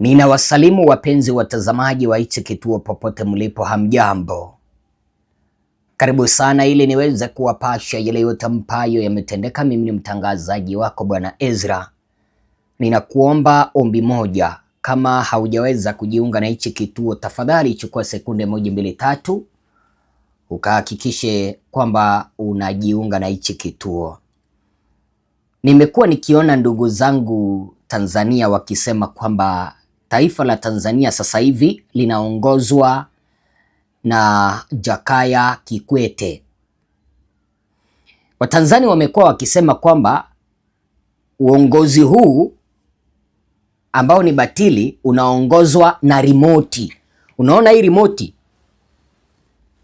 Ninawasalimu wapenzi watazamaji wa hichi kituo popote mlipo, hamjambo? Karibu sana ili niweze kuwapasha yale yote ambayo yametendeka. Mimi ni mtangazaji wako Bwana Ezra. Ninakuomba ombi moja, kama haujaweza kujiunga na hichi kituo, tafadhali chukua sekunde moja, mbili, tatu ukahakikishe kwamba unajiunga na hichi kituo. Nimekuwa nikiona ndugu zangu Tanzania wakisema kwamba Taifa la Tanzania sasa hivi linaongozwa na Jakaya Kikwete. Watanzania wamekuwa wakisema kwamba uongozi huu ambao ni batili unaongozwa na rimoti. Unaona hii rimoti,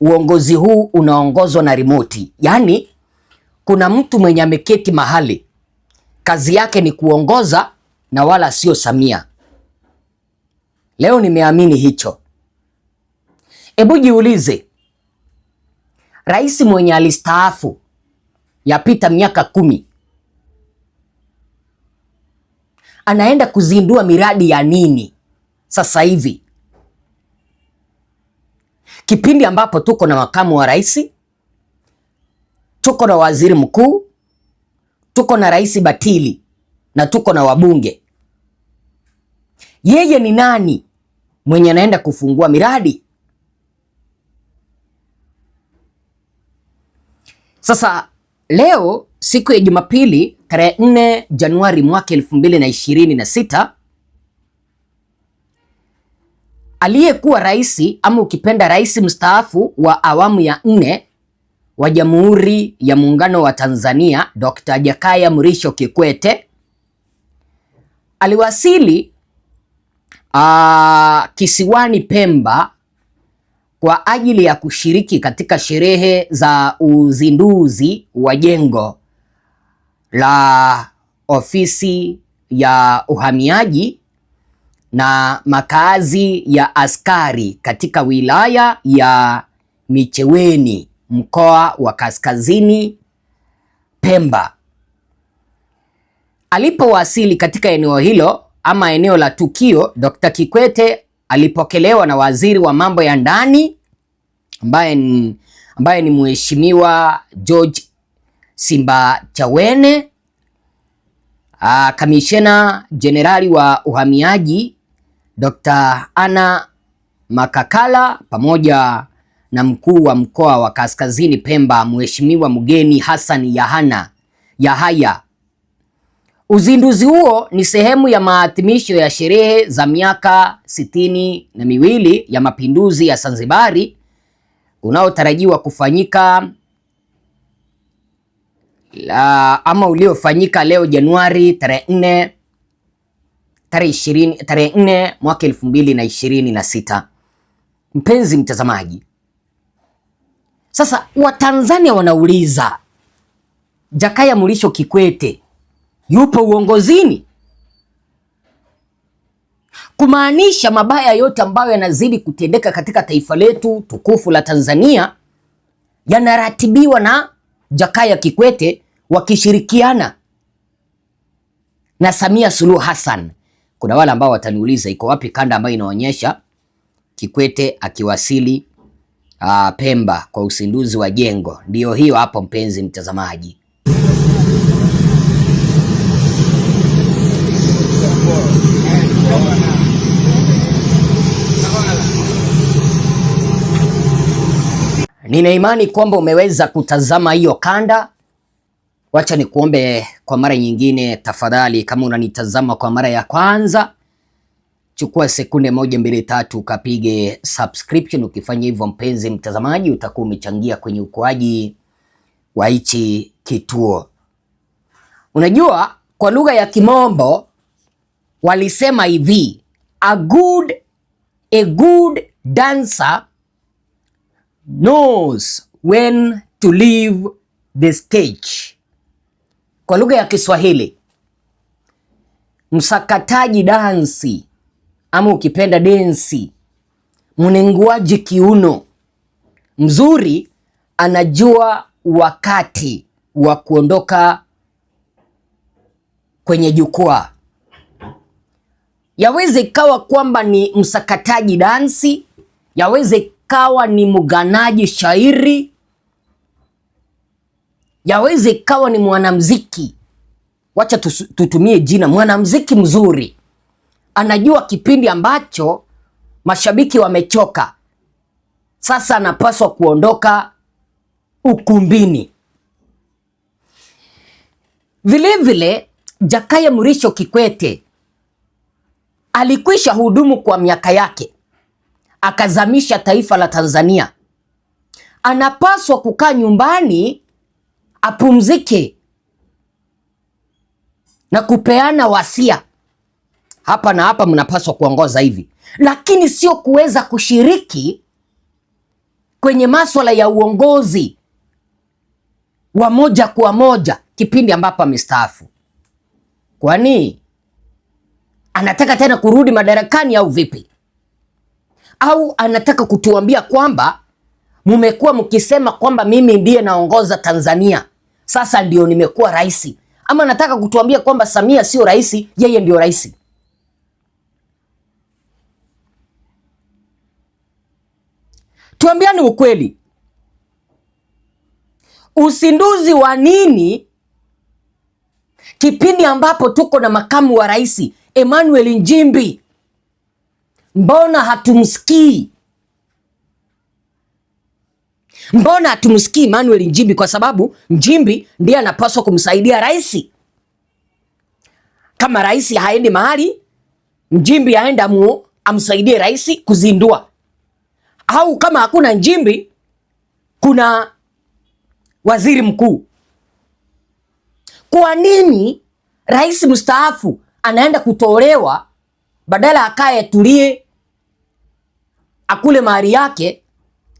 uongozi huu unaongozwa na rimoti, yaani kuna mtu mwenye ameketi mahali kazi yake ni kuongoza na wala sio Samia. Leo nimeamini hicho. Hebu jiulize, rais mwenye alistaafu yapita miaka kumi anaenda kuzindua miradi ya nini sasa hivi, kipindi ambapo tuko na makamu wa rais, tuko na waziri mkuu, tuko na rais batili na tuko na wabunge yeye ni nani mwenye anaenda kufungua miradi? Sasa leo siku ya Jumapili tarehe 4 Januari mwaka sita aliyekuwa rais ama ukipenda rais mstaafu wa awamu ya nne wa Jamhuri ya Muungano wa Tanzania Dr. Jakaya Mrisho Kikwete aliwasili Ah, kisiwani Pemba kwa ajili ya kushiriki katika sherehe za uzinduzi wa jengo la ofisi ya uhamiaji na makazi ya askari katika wilaya ya Micheweni mkoa wa Kaskazini Pemba. Alipowasili katika eneo hilo ama eneo la tukio, Dr. Kikwete alipokelewa na waziri wa mambo ya ndani ambaye ni, ambaye ni mheshimiwa George Simbachawene, kamishena jenerali wa uhamiaji Dr. Anna Makakala pamoja na mkuu wa mkoa wa Kaskazini Pemba Mheshimiwa Mgeni Hassan Yahana Yahaya Uzinduzi huo ni sehemu ya maadhimisho ya sherehe za miaka sitini na miwili ya mapinduzi ya Zanzibari unaotarajiwa kufanyika la, ama uliofanyika leo Januari tarehe 4 tarehe 20 tarehe 4 mwaka 2026. Mpenzi mtazamaji, sasa Watanzania wanauliza Jakaya Mrisho Kikwete yupo uongozini, kumaanisha mabaya yote ambayo yanazidi kutendeka katika taifa letu tukufu la Tanzania yanaratibiwa na Jakaya Kikwete wakishirikiana na Samia Suluhu Hassan. Kuna wale ambao wataniuliza iko wapi kanda ambayo inaonyesha Kikwete akiwasili aa, ah, Pemba kwa usinduzi wa jengo. Ndiyo hiyo hapo, mpenzi mtazamaji. Nina imani kwamba umeweza kutazama hiyo kanda. Wacha nikuombe kwa mara nyingine tafadhali, kama unanitazama kwa mara ya kwanza, chukua sekunde moja mbili tatu ukapige subscription. Ukifanya hivyo, mpenzi mtazamaji, utakuwa umechangia kwenye ukuaji wa hichi kituo. Unajua, kwa lugha ya Kimombo walisema hivi, a good, a good dancer knows when to leave the stage. Kwa lugha ya Kiswahili, msakataji dansi ama ukipenda densi, mnenguaji kiuno mzuri anajua wakati wa kuondoka kwenye jukwaa. Yaweze ikawa kwamba ni msakataji dansi, yaweze ikawa ni mganaji shairi, yaweza ikawa ni mwanamziki. Wacha tutumie jina mwanamziki mzuri, anajua kipindi ambacho mashabiki wamechoka, sasa anapaswa kuondoka ukumbini. Vilevile Jakaya Mrisho Kikwete alikwisha hudumu kwa miaka yake akazamisha taifa la Tanzania, anapaswa kukaa nyumbani apumzike na kupeana wasia hapa na hapa, mnapaswa kuongoza hivi, lakini sio kuweza kushiriki kwenye maswala ya uongozi wa moja kwa moja kipindi ambapo amestaafu. Kwani anataka tena kurudi madarakani au vipi? au anataka kutuambia kwamba mumekuwa mkisema kwamba mimi ndiye naongoza Tanzania, sasa ndio nimekuwa rais? Ama anataka kutuambia kwamba Samia sio rais, yeye ndio rais? Tuambiani ukweli, usinduzi wa nini kipindi ambapo tuko na makamu wa rais Emmanuel Nchimbi Mbona hatumsikii? Mbona hatumsikii Manuel Nchimbi? Kwa sababu Nchimbi ndiye anapaswa kumsaidia rais. Kama rais haendi mahali, Nchimbi mu amsaidie rais kuzindua, au kama hakuna Nchimbi, kuna waziri mkuu. Kwa nini rais mstaafu anaenda kutolewa badala akae atulie akule mahari yake,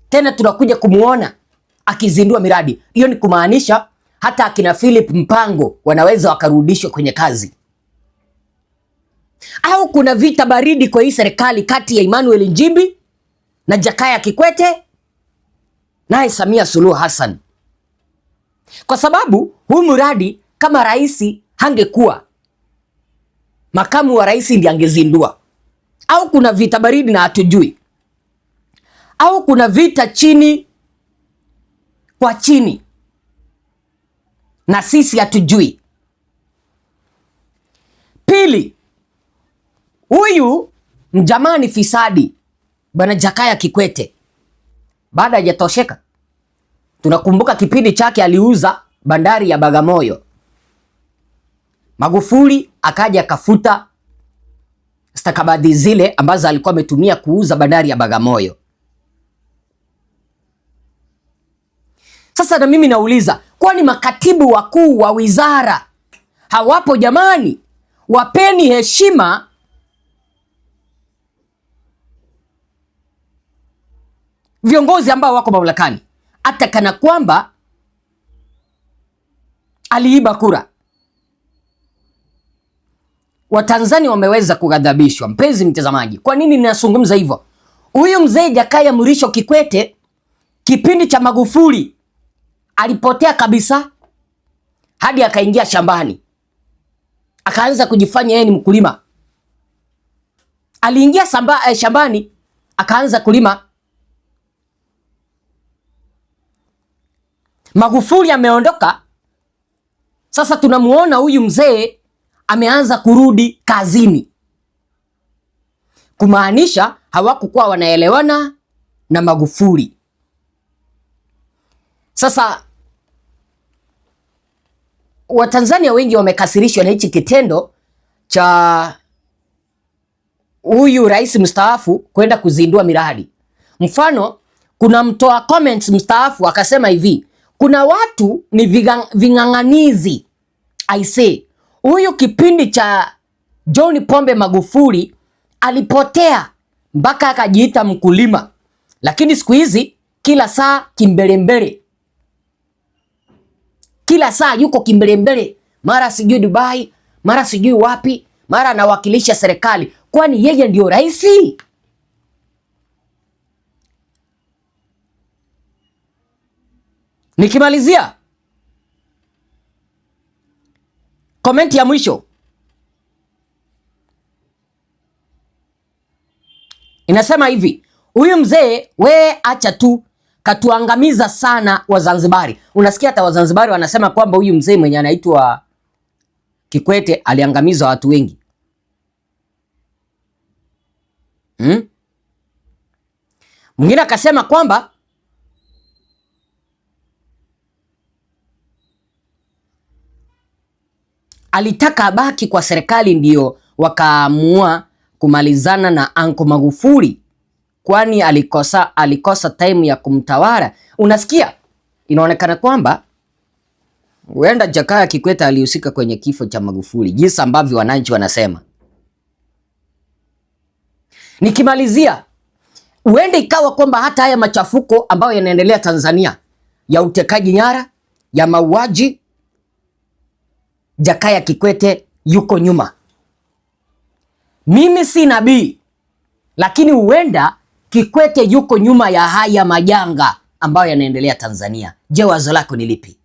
tena tunakuja kumuona akizindua miradi hiyo. Ni kumaanisha hata akina Philip Mpango wanaweza wakarudishwa kwenye kazi. Au kuna vita baridi kwa hii serikali kati ya Emmanuel Njimbi na Jakaya Kikwete naye Samia Suluhu Hassan, kwa sababu huu mradi kama rais hangekuwa makamu wa rais ndiye angezindua. Au kuna vita baridi na hatujui au kuna vita chini kwa chini na sisi hatujui. Pili, huyu mjamaa ni fisadi, Bwana Jakaya Kikwete. Baada hajatosheka, tunakumbuka kipindi chake aliuza bandari ya Bagamoyo. Magufuli akaja akafuta stakabadhi zile ambazo alikuwa ametumia kuuza bandari ya Bagamoyo. Sasa na mimi nauliza, kwani makatibu wakuu wa wizara hawapo jamani? Wapeni heshima viongozi ambao wako mamlakani, hata kana kwamba aliiba kura. Watanzania wameweza kughadhabishwa, mpenzi mtazamaji. Kwa nini ninazungumza hivyo? Huyu mzee Jakaya Mrisho Kikwete kipindi cha Magufuli alipotea kabisa hadi akaingia shambani akaanza kujifanya yeye ni mkulima. Aliingia samba, eh, shambani akaanza kulima. Magufuli ameondoka, sasa tunamuona huyu mzee ameanza kurudi kazini, kumaanisha hawakukuwa wanaelewana na Magufuli. Sasa Watanzania wengi wamekasirishwa na hichi kitendo cha huyu rais mstaafu kwenda kuzindua miradi. Mfano, kuna mtoa comments mstaafu akasema hivi, kuna watu ni ving'ang'anizi. I say huyu kipindi cha John Pombe Magufuli alipotea mpaka akajiita mkulima, lakini siku hizi kila saa kimbelembele kila saa yuko kimbelembele, mara sijui Dubai, mara sijui wapi, mara anawakilisha serikali. Kwani yeye ndio rais? Nikimalizia komenti ya mwisho inasema hivi, huyu mzee we acha tu katuangamiza sana Wazanzibari. Unasikia hata Wazanzibari wanasema kwamba huyu mzee mwenye anaitwa Kikwete aliangamiza watu wengi hmm? Mwingine akasema kwamba alitaka abaki kwa serikali, ndio wakaamua kumalizana na Anko Magufuli kwani alikosa, alikosa time ya kumtawala. Unasikia, inaonekana kwamba huenda Jakaya Kikwete alihusika kwenye kifo cha Magufuli, jinsi ambavyo wananchi wanasema. Nikimalizia, huenda ikawa kwamba hata haya machafuko ambayo yanaendelea Tanzania ya utekaji nyara, ya mauaji, Jakaya Kikwete yuko nyuma. Mimi si nabii, lakini huenda Kikwete yuko nyuma ya haya majanga ambayo yanaendelea Tanzania. Je, wazo lako ni lipi?